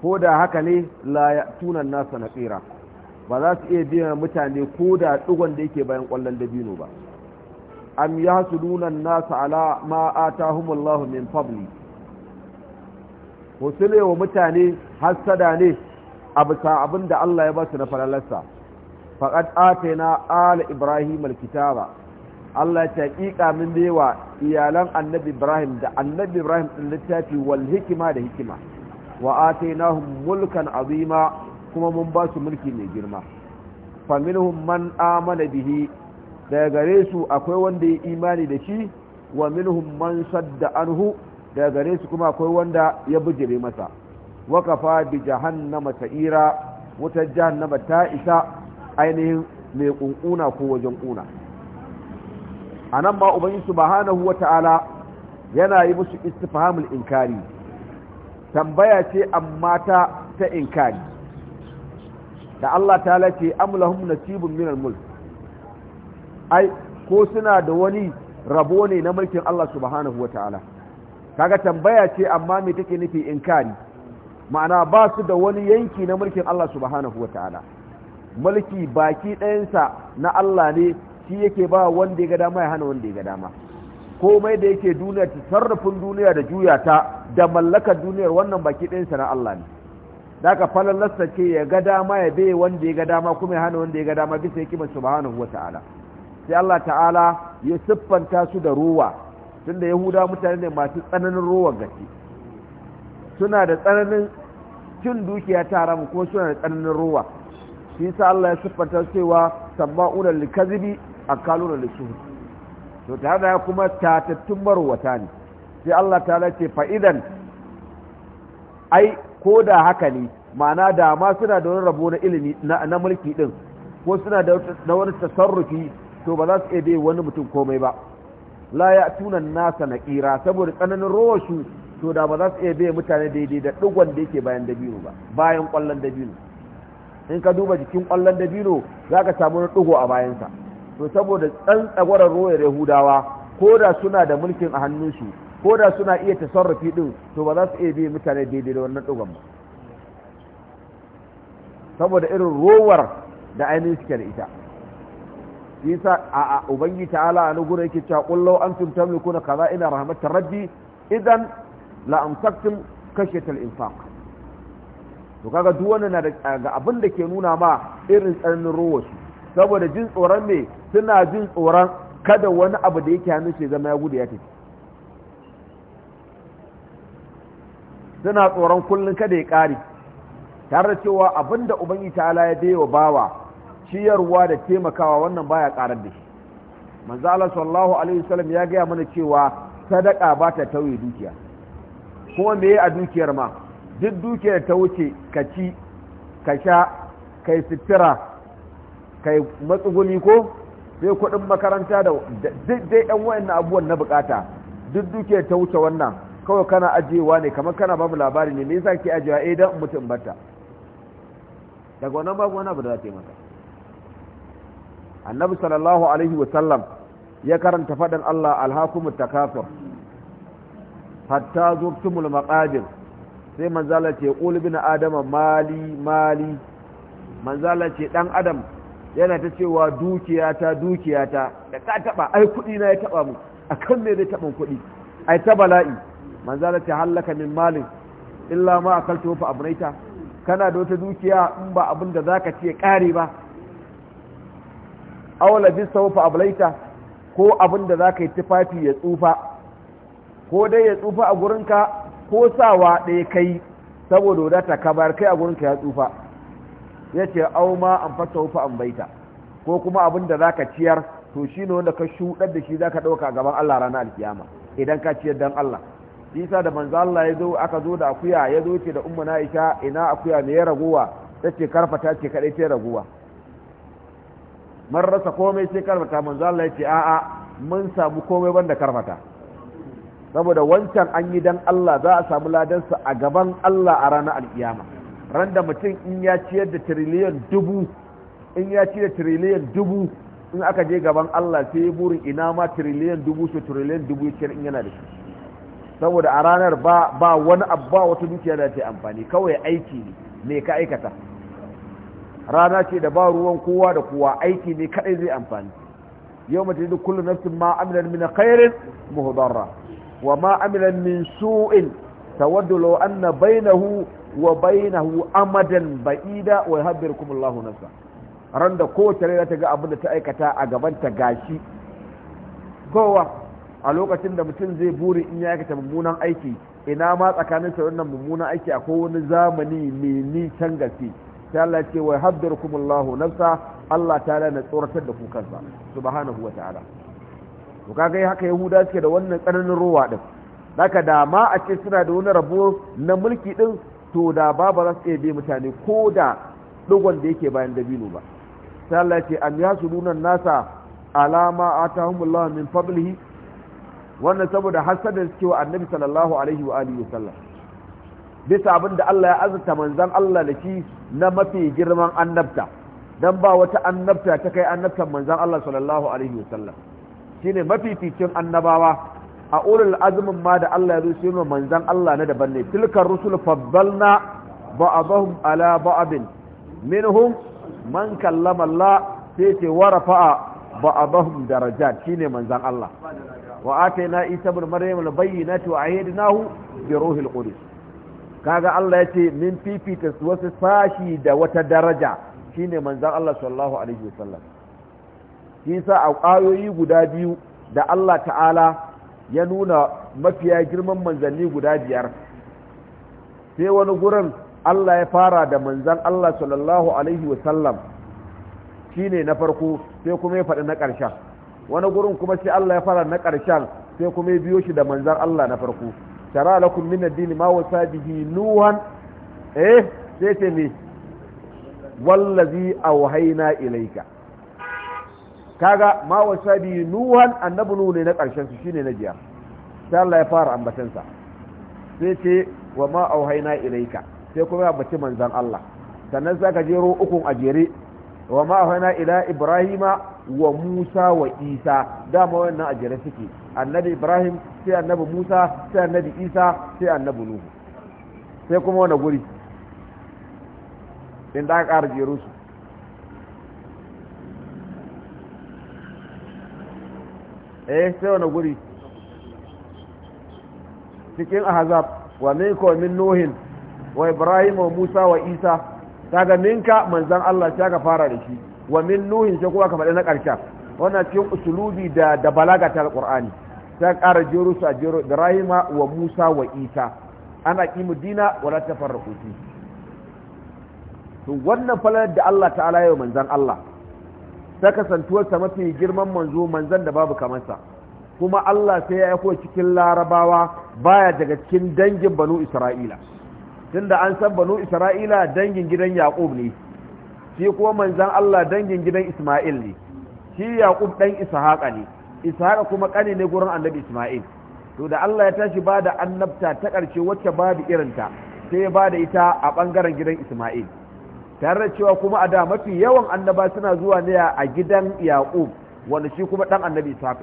ko da haka ne tunan nasa na tsira ba za su iya biyan mutane ko da ɗigon da yake bayan ƙwallon dabino ba am yahsuduna an-nasa ala ma atahumullahu min fadli husule wa mutane hassada ne a bisa abin da Allah ya ba su na falalarsa faqad atayna ala ibrahim al-kitaba Allah ta ƙiƙa min baiwa iyalan annabi ibrahim da annabi ibrahim ɗin littafi wal hikima da hikima wa atainahum mulkan azima kuma mun ba su mulki mai girma faminhum man amana bihi daga gare su akwai wanda ya imani da shi wa minhum man sadda anhu daga gare su kuma akwai wanda ya bijire masa wa kafa bi jahannama ta'ira wutar jahannama ta isa ainihin mai kunkuna ko wajen kuna anan ma ubangiji subhanahu wata'ala yana yi musu istifhamul inkari tambaya ce amma ta ta inkari da Allah ta lace amlahum nasibun minal mulk ai ko suna da wani rabo ne na mulkin Allah subhanahu wataala kaga tambaya ce amma me take nufi inkari ma'ana ba su da wani yanki na mulkin Allah subhanahu wataala mulki baki ɗayansa na Allah ne shi yake ba wanda ya ga dama ya hana wanda ya ga dama komai da yake duniya ta sarrafin duniya da juya ta da mallakar duniyar wannan baki ɗayansa na Allah ne da ka falalasta ce ya ga dama ya bai wanda ya ga dama kuma ya hana wanda ya ga dama bisa hikimar subhanahu wataala sai Allah ta'ala ya siffanta su da ruwa tunda yahuda mutane ne masu tsananin ruwan gaske suna da tsananin cin dukiya ta haramu ko suna da tsananin ruwa shi sa Allah ya siffanta su cewa sama'una likazibi akaluna lisuhu to ta da kuma tatattun marwata ne sai Allah ta ce fa'idan ai ko da haka ne ma'ana da ma suna da wani rabo na ilimi na mulki din ko suna da wani tasarrufi to ba za su iya wani mutum komai ba la ya tunan nasa na kira saboda tsananin rawashu to da ba za su iya mutane daidai da digon da yake bayan dabino ba bayan kwallon dabino in ka duba jikin kwallon dabino za ka samu na digo a bayansa to saboda tsagwarar royar yahudawa ko da suna da mulkin a hannunsu ko da suna iya tasarrufi din to ba za su iya mutane daidai da wannan dogon ba saboda irin rowar da ainihin suke da ita yasa a ubangi ta'ala a nugura yake cewa qul law antum tamlikuna kaza ina rahmat rabbi idan la amsaktum al infaq to kaga duk wannan na da abin da ke nuna ma irin tsananin ruwa saboda jin tsoron me suna jin tsoron kada wani abu da yake hannun shi zama ya gudu ya tafi suna tsoron kullum kada ya kare tare da cewa abin da ubangi ta'ala ya wa bawa ciyarwa da taimakawa wannan baya karar da shi manzo Allah sallallahu alaihi wasallam ya gaya mana cewa sadaka ba ta tauye dukiya kuma meye a dukiyar ma duk dukiyar ta wuce ka ci ka sha kai sitira kai matsuguni ko sai kudin makaranta da duk dai ɗan wayannan abubuwan na bukata duk dukiyar ta wuce wannan kawai kana ajiyewa ne kamar kana babu labari ne me yasa ke ajiyewa eh dan mutum bata daga wannan babu wani abu da za ta yi maka annabi sallallahu alaihi wasallam ya karanta faɗin Allah alhakumut takafur hatta zurtumul maqabir sai manzala ce qul adama mali mali manzala ce dan adam yana ta cewa dukiyata dukiyata da ka taba ai kudi na ya taba mu akan me zai taba kudi ai ta bala'i manzala ce halaka min malin illa ma akaltu fa abraita kana da wata dukiya in ba abin da zaka ce kare ba aula bi saufa ablaita ko abin da zaka yi tufafi ya tsufa ko dai ya tsufa a gurinka ko sawa ɗaya kai saboda wadata ka bayar kai a gurinka ya tsufa ya ce au ma an fasa wufa an baita ko kuma abin da zaka ciyar to shi ne wanda ka shuɗar da shi zaka ɗauka gaban Allah ranar alkiyama idan ka ciyar dan Allah isa da manzo Allah ya zo aka zo da akuya ya zo ce da ummu Aisha ina akuya me ya ragowa tace karfata ce kadai ta raguwa? mun rasa komai sai karfata manzo Allah ya ce a'a mun samu komai banda karfata saboda wancan an yi dan Allah za a samu ladansa a gaban Allah a ranar alkiyama ran da mutum in ya ciyar da triliyan dubu in ya ciyar da triliyan dubu in aka je gaban Allah sai ya burin ina ma triliyan dubu su triliyan dubu ya ciyar in yana da shi saboda a ranar ba ba wani abba wata dukiya da ta amfani kawai aiki ne me ka aikata rana ce da ba ruwan kowa da kowa aiki ne kadai zai amfani yau mace duk kullum nafsin ma amilan min khairin muhdarra wa ma amilan min su'in tawaddu law anna bainahu wa bainahu amadan ba'ida wa yahbirukum Allah nafsa ran da kowace za ta ga abin da ta aikata a gaban ta gashi kowa a lokacin da mutum zai buri in ya aikata mummunan aiki ina ma tsakanin sauran mummunan aiki akwai wani zamani mai nisan gaske sai Allah ce wa haddarkumullahu nafsa Allah ta'ala na tsoratar da ku kansa subhanahu wa ta'ala to kaga haka yahuda suke da wannan tsananin ruwa din haka da ma a ce suna da wani rabo na mulki din to da ba ba za su iya mutane ko da dogon da yake bayan dabino ba sai Allah ce an yasuluna nasa alama atahumullahu min fadlihi wannan saboda hasadar suke wa annabi sallallahu alaihi wa alihi wa sallam bisa abin da Allah ya azurta manzan Allah da shi na mafi girman annabta don ba wata annabta ta kai annabtan manzan Allah sallallahu alaihi wasallam shine mafificin annabawa a ulul azumin ma da Allah ya rusu yin manzan Allah na daban ne tilkar rusul faddalna ba'dhum ala ba'din minhum man kallama Allah sai ce warafa'a daraja shi shine manzan Allah wa na isa ibn maryam al-bayyinati wa ayyadnahu bi ruhil qudus kaga Allah ya ce min fifita wasu sashi da wata daraja shine manzan Allah sallallahu alaihi wasallam shi sa a ƙayoyi guda biyu da Allah ta'ala ya nuna mafiya girman manzanni guda biyar sai wani gurin Allah ya fara da manzan Allah sallallahu alaihi wasallam shine na farko sai kuma ya faɗi na ƙarshen wani gurin kuma sai Allah ya fara na ƙarshen sai kuma ya biyo shi da manzan Allah na farko shara lakum min addini ma wasa bihi nuhan eh sai ce me wallazi awhayna ilayka kaga ma wasa bihi nuhan annabi nuhu ne na karshen su shine na jiya sai Allah ya fara ambatan sa sai ce wa ma awhayna ilayka sai kuma ya bace manzan Allah sannan ka jero ukun a jere wa ma awhayna ila ibrahima wa musa wa isa dama wannan ajere suke annabi ibrahim sai annabi musa sai annabi isa sai annabi nuhu sai kuma wani guri in da aka ƙara jeru su eh sai wani guri cikin ahzab wa minka min nuhin wa ibrahim wa musa wa isa daga ninka manzan allah shi ka fara da shi wa min nuhin sai kuma ka na ƙarshen wannan cikin usulubi da da balaga ta alqur'ani ta kara jero su a ibrahima wa musa wa isa ana kimu dina wala tafarruqu fi to wannan falal da Allah ta'ala yau manzan Allah ta kasantuwar sa mafi girman manzo manzan da babu kamar sa kuma Allah sai ya aiko cikin larabawa baya daga cikin dangin banu isra'ila tunda an san banu isra'ila dangin gidan yaqub ne shi kuma manzan Allah dangin gidan isma'il ne shi yaqub dan ishaqa ne ishaqa kuma kane ne gurin annabi isma'il to da Allah ya tashi bada da annabta ta karshe wacce babu irinta sai ya bada da ita a ɓangaren gidan Ismail tare da cewa kuma a da mafi yawan annaba suna zuwa ne a gidan Yaƙub wanda shi kuma ɗan annabi Isaac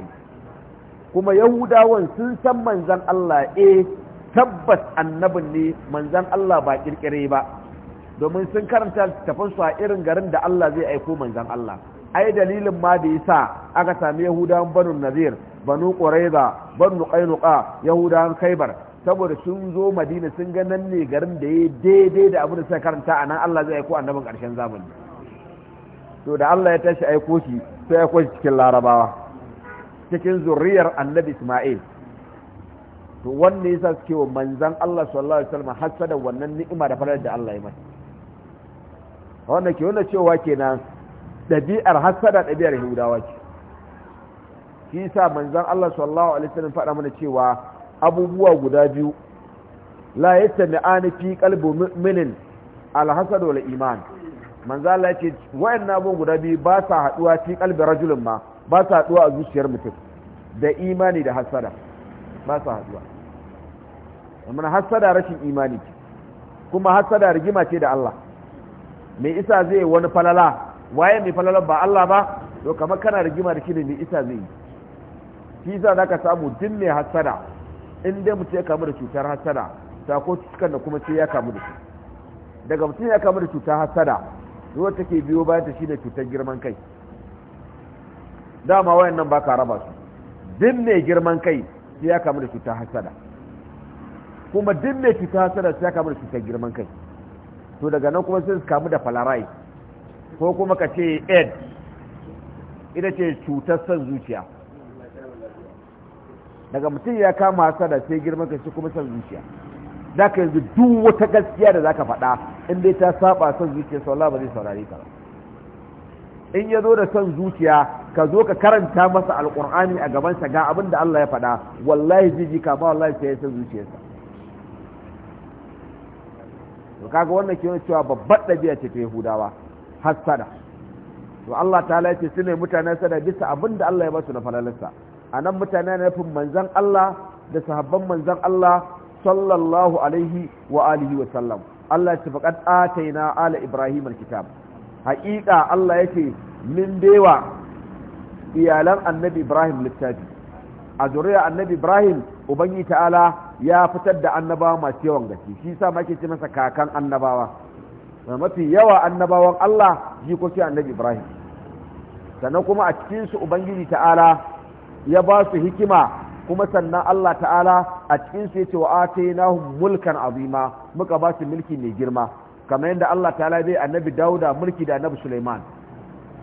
kuma Yahudawan sun san manzan Allah eh tabbas annabin ne manzan Allah ba kirkire ba domin sun karanta tafansu a irin garin da Allah zai aiko manzan Allah ai dalilin ma da yasa aka sami Yahudan banu nazir banu quraiza banu qainuqa yahudawan khaybar saboda sun zo madina sun ga nan ne garin da ya daidai da abin da suka karanta a nan Allah zai aiko annabin ƙarshen zamani to da Allah ya tashi aiko shi sai aiko shi cikin larabawa cikin zuriyar annabi isma'il to wanne yasa suke wa manzan Allah sallallahu alaihi wasallam hasada wannan ni'ima da farar da Allah ya mata wannan ke wannan cewa kenan ɗabi'ar hasada ɗabi'ar yahudawa ce shi yasa manzon Allah sallallahu alaihi wasallam faɗa mana cewa abubuwa guda biyu la yastami'ani fi qalbi mu'minin al-hasad wal iman manzon Allah yace wayannan abubuwa guda biyu ba sa haduwa fi qalbi rajulin ma ba sa haduwa a zuciyar mutum da imani da hasada ba sa haduwa amma hasada rashin imani kuma hasada rigima ce da Allah me isa zai wani falala waye mai falalar ba Allah ba to kamar kana rigima da kine mai isa zai shi za ka samu din mai hasada in dai mutum ya kamu da cutar hasada sako cikin da kuma sai ya kamu da shi daga mutum ya kamu da cutar hasada zuwa take biyo bayan ta shine cutar girman kai dama nan baka raba su din mai girman kai sai ya kamu da cutar hasada kuma din mai cutar hasada sai ya kamu da cutar girman kai to daga nan kuma sai su kamu da falarai ko kuma ka ce ed ita ce cutar son zuciya daga mutum ya kama da sai girma ka ce kuma son zuciya za ka yanzu duk wata gaskiya da za ka faɗa in dai ta saba son zuciya sau ba zai saurare ka in ya zo da son zuciya ka zo ka karanta masa alƙur'ani a gabansa ga abin da Allah ya faɗa wallahi zai ji kama wallahi sai ya san zuciyarsa to kaga wannan ke cewa babbar ɗabi'a ce ta Yahudawa hassada to Allah ta ce su ne mutanen sada bisa abin da Allah ya basu na falalarsa a nan mutane na nufin manzan Allah da sahabban manzan Allah sallallahu alaihi wa alihi wa sallam Allah ya ce faqad ataina ala ibrahim alkitab haƙiƙa Allah yace min bewa iyalan annabi ibrahim littafi a zuriya annabi ibrahim ubangi ta'ala ya fitar da annabawa masu yawan gaske shi sa muke ce masa kakan annabawa mafi yawa annabawan Allah jikoki annabi Ibrahim sannan kuma a cikin su ubangiji ta'ala ya ba su hikima kuma sannan Allah ta'ala a cikin su yace wa atainahum mulkan azima muka ba su mulki mai girma kamar yadda Allah ta'ala bai annabi Dauda mulki da annabi Sulaiman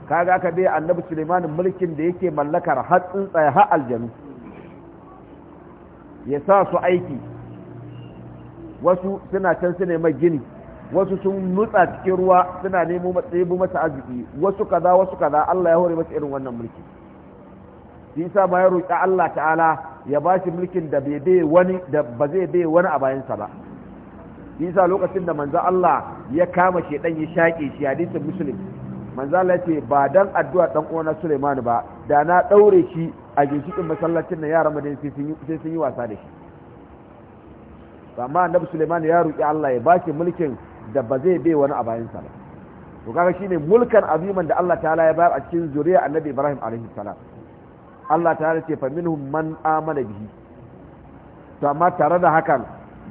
kaga aka bai annabi Sulaiman mulkin da yake mallakar hatsin tsaya har aljanu ya sa su aiki wasu suna can su ne mai gini wasu sun nutsa cikin ruwa suna nemo tsebo masa arziki wasu kaza wasu kaza Allah ya hore masa irin wannan mulki shi yasa ba ya roƙi Allah ta'ala ya ba shi mulkin da bai bai wani da ba zai bai wani a sa ba shi yasa lokacin da manzo Allah ya kama shedan ya shaƙe shi hadisin muslim manzo Allah ce ba dan addu'a dan uwana Sulaiman ba da na daure shi a ginshikin masallacin na yaran madin sai sun yi wasa da shi amma annabi Sulaiman ya roƙi Allah ya ba shi mulkin da ba zai bai wani a bayansa ba to kaga shine mulkan aziman da Allah ta'ala ya bayar a cikin zuriya annabi Ibrahim alaihi salam Allah ta'ala ce fa minhum man amana bihi to amma tare da hakan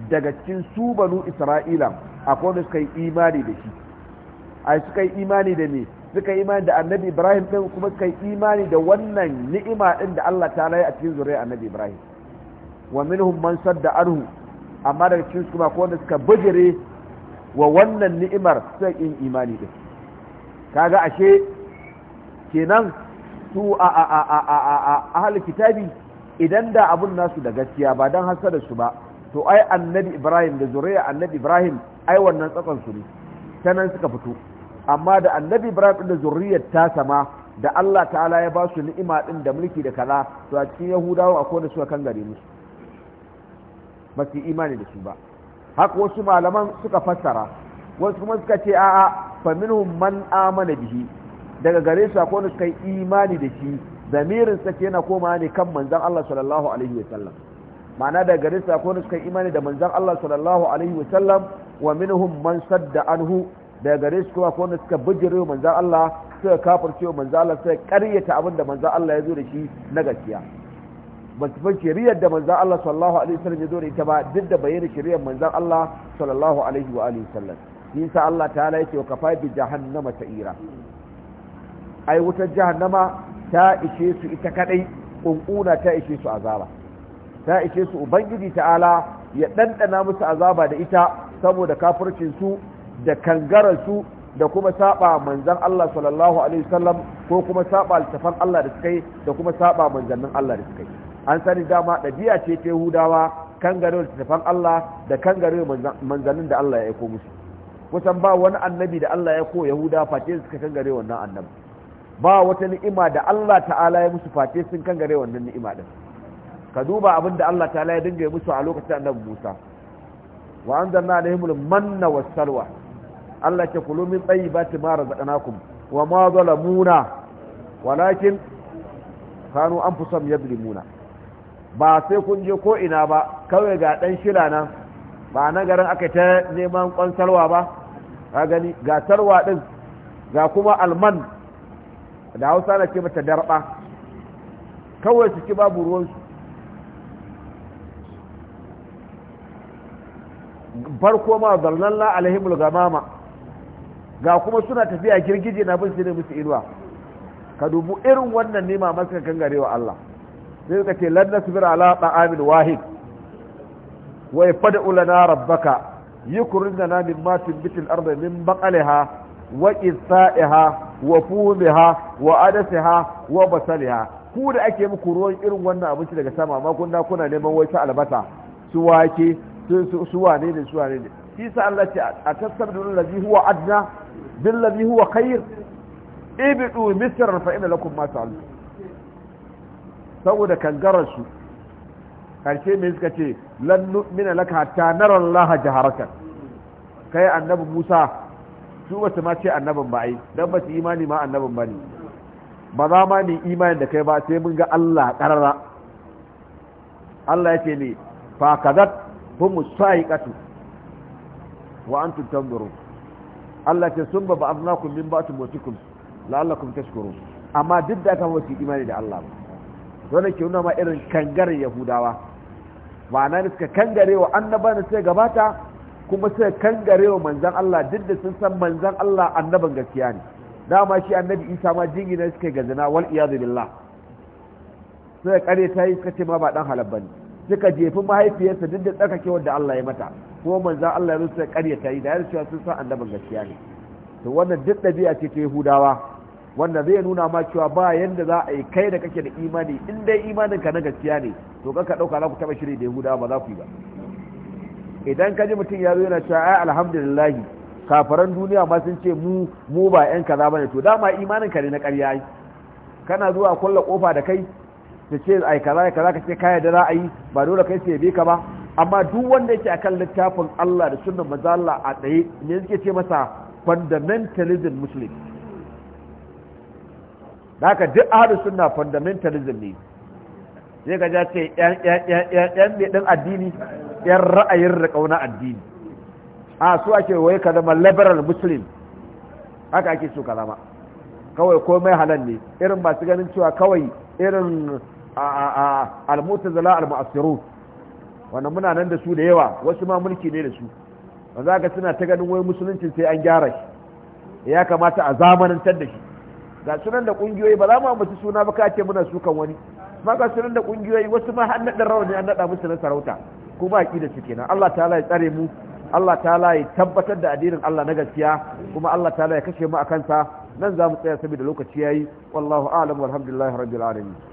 daga cikin su banu Isra'ila akwai wanda suka yi imani da shi ai suka yi imani da me suka yi imani da annabi Ibrahim din kuma suka yi imani da wannan ni'ima din da Allah ta'ala ya a cikin zuriya annabi Ibrahim wa minhum man sadda anhu amma daga cikin su kuma akwai wanda suka bijire wa wannan ni'imar sai in imani din kaga ashe kenan su a a a a a a ahli kitabi idan da abun nasu da gaskiya ba dan da su ba to ai annabi ibrahim da zuriya annabi ibrahim ai wannan tsakon su ne sanan suka fito amma da annabi ibrahim da zuriyar ta sama da Allah ta'ala ya ba su ni'ima din da mulki da kaza to a cikin yahudawa akwai da suka gare musu ba su imani da su ba haka wasu malaman suka fassara wasu kuma suka ce a'a fa minhum man amana bihi daga gare su akwai suka yi imani da shi zamirin sa yana koma ne kan manzon Allah sallallahu alaihi wa sallam ma'ana daga gare su akwai suka yi imani da manzon Allah sallallahu alaihi wa sallam wa minhum man sadda anhu daga gare su kuma akwai suka bijire manzon Allah suka kafirce manzon Allah suka karyata abin da manzon Allah ya zo da shi na gaskiya ba su shari'ar da manzan Allah sallallahu alaihi wasallam ya zo da ita ba duk da bayyana shari'ar manzan Allah sallallahu alaihi wa alihi wasallam nisa Allah ta'ala yake wa kafa bi jahannama ai wutar jahannama ta ishe su ita kadai kunkuna ta ishe su azaba ta ishe su ubangiji ta'ala ya dandana musu azaba da ita saboda kafircin su da kangarar su da kuma saba manzan Allah sallallahu alaihi wasallam ko kuma saba altafan Allah da suka yi da kuma saba manzannin Allah da suka yi an sani dama ɗabi'a ce ta yahudawa kangare littattafan Allah da gare manzannin da Allah ya aiko musu kusan ba wani annabi da Allah ya ko yahuda face kan kangare wannan annabi ba wata ni'ima da Allah ta'ala ya musu face sun kangare wannan ni'ima din ka duba abin da Allah ta'ala ya dinga musu a lokacin annabi Musa wa anzalna alaihimul manna was salwa Allah ya kulu min tayyibati ma razaqnakum wa ma zalamuna walakin kanu anfusam yadlimuna ba sai kun je ko ina ba kawai ga dan shila nan ba na garin aka ta neman kwansarwa ba ga gani ga tarwa din ga kuma alman da hausa na ce mata darba kawai su ci babu ruwansu farko ma zalnalla alaihimul gamama ga kuma suna tafiya girgije na bin su ne musu inuwa ka dubu irin wannan nema masu garewa Allah sai suka ce lan nasbir ala ta'amin wahid wa yafda'u ulana rabbaka yukrina mimma tunbitu al-ardu min baqaliha wa qithaiha wa fumiha wa adasiha wa basaliha ku da ake muku ruwan irin wannan abinci daga sama amma kun kuna neman wai ta albasa su wake su wane ne su wane ne shi sa Allah ce a tasabbiru allazi huwa adna bil ladhi huwa khair ibidu misran fa inna lakum ma ta'lamun saboda kangararsu karshe mai suka ce lannu mina laka ta nara Allah jaharaka kai annabi Musa su wasu ma ce annabin ba ai dan ba su imani ma annabin ba ne ba za ma ni imanin da kai ba sai mun ga Allah karara Allah yake ne fa kazat hum sa'iqatu wa antum tanzurun Allah ce sun ba ba'adnakum min ba'tum wa tukum la'allakum tashkurun amma duk da aka wasu imani da Allah ba wanda ke nuna ma irin kangare yahudawa ma'ana ne suka kangare wa annaba da gabata kuma sai kangare wa manzan Allah duk da sun san manzan Allah annaban gaskiya ne dama shi annabi isa ma jingina suka ga zina wal iyadu billah sai kare ta yi suka ce ma ba dan halal bane suka jefi mahaifiyarsa duk da tsarkakewar da Allah ya mata kuma manzan Allah ya zo suka kare ta yi da yarda cewa sun san annaban gaskiya ne to wannan duk dabi'a ce ta Yahudawa wanda zai nuna ma cewa ba yanda za a yi kai da kake da imani in dai imanin ka na gaskiya ne to ka dauka za ku taba shiri da yahuda ba za ku yi ba idan ka ji mutum ya zo yana cewa ai alhamdulillah kafaran duniya ma sun ce mu mu ba yan kaza bane to dama imanin ka ne na ƙarya kana zuwa kulla kofa da kai ta ce ai kaza kaza ka ce kai da za a yi ba dole kai sai bi ka ba amma duk wanda yake akan littafin Allah da sunnar manzo Allah a tsaye ne yake ce masa fundamentalism muslim da haka duk ahalin suna fundamentalism ne sai ga ja ce yan ɗin addini yan ra'ayin da ƙauna addini a su ake wai ka zama liberal muslim haka ake so ka zama kawai komai halal ne irin masu ganin cewa kawai irin almutazala almu'assiru wannan muna nan da su da yawa wasu ma mulki ne da su wanda suna ta ganin wai musulunci sai an gyara shi ya kamata a zamanantar da shi ga sunan da kungiyoyi ba za mu ambaci suna ba ka ce muna sukan wani ma ga sunan da kungiyoyi wasu ma har naɗin ne an naɗa musu na sarauta kuma a da su kenan Allah ta'ala ya tsare mu Allah ta'ala ya tabbatar da addinin Allah na gaskiya kuma Allah ta'ala ya kashe mu a kansa nan za mu tsaya saboda lokaci yayi wallahu a'lam walhamdulillahi rabbil alamin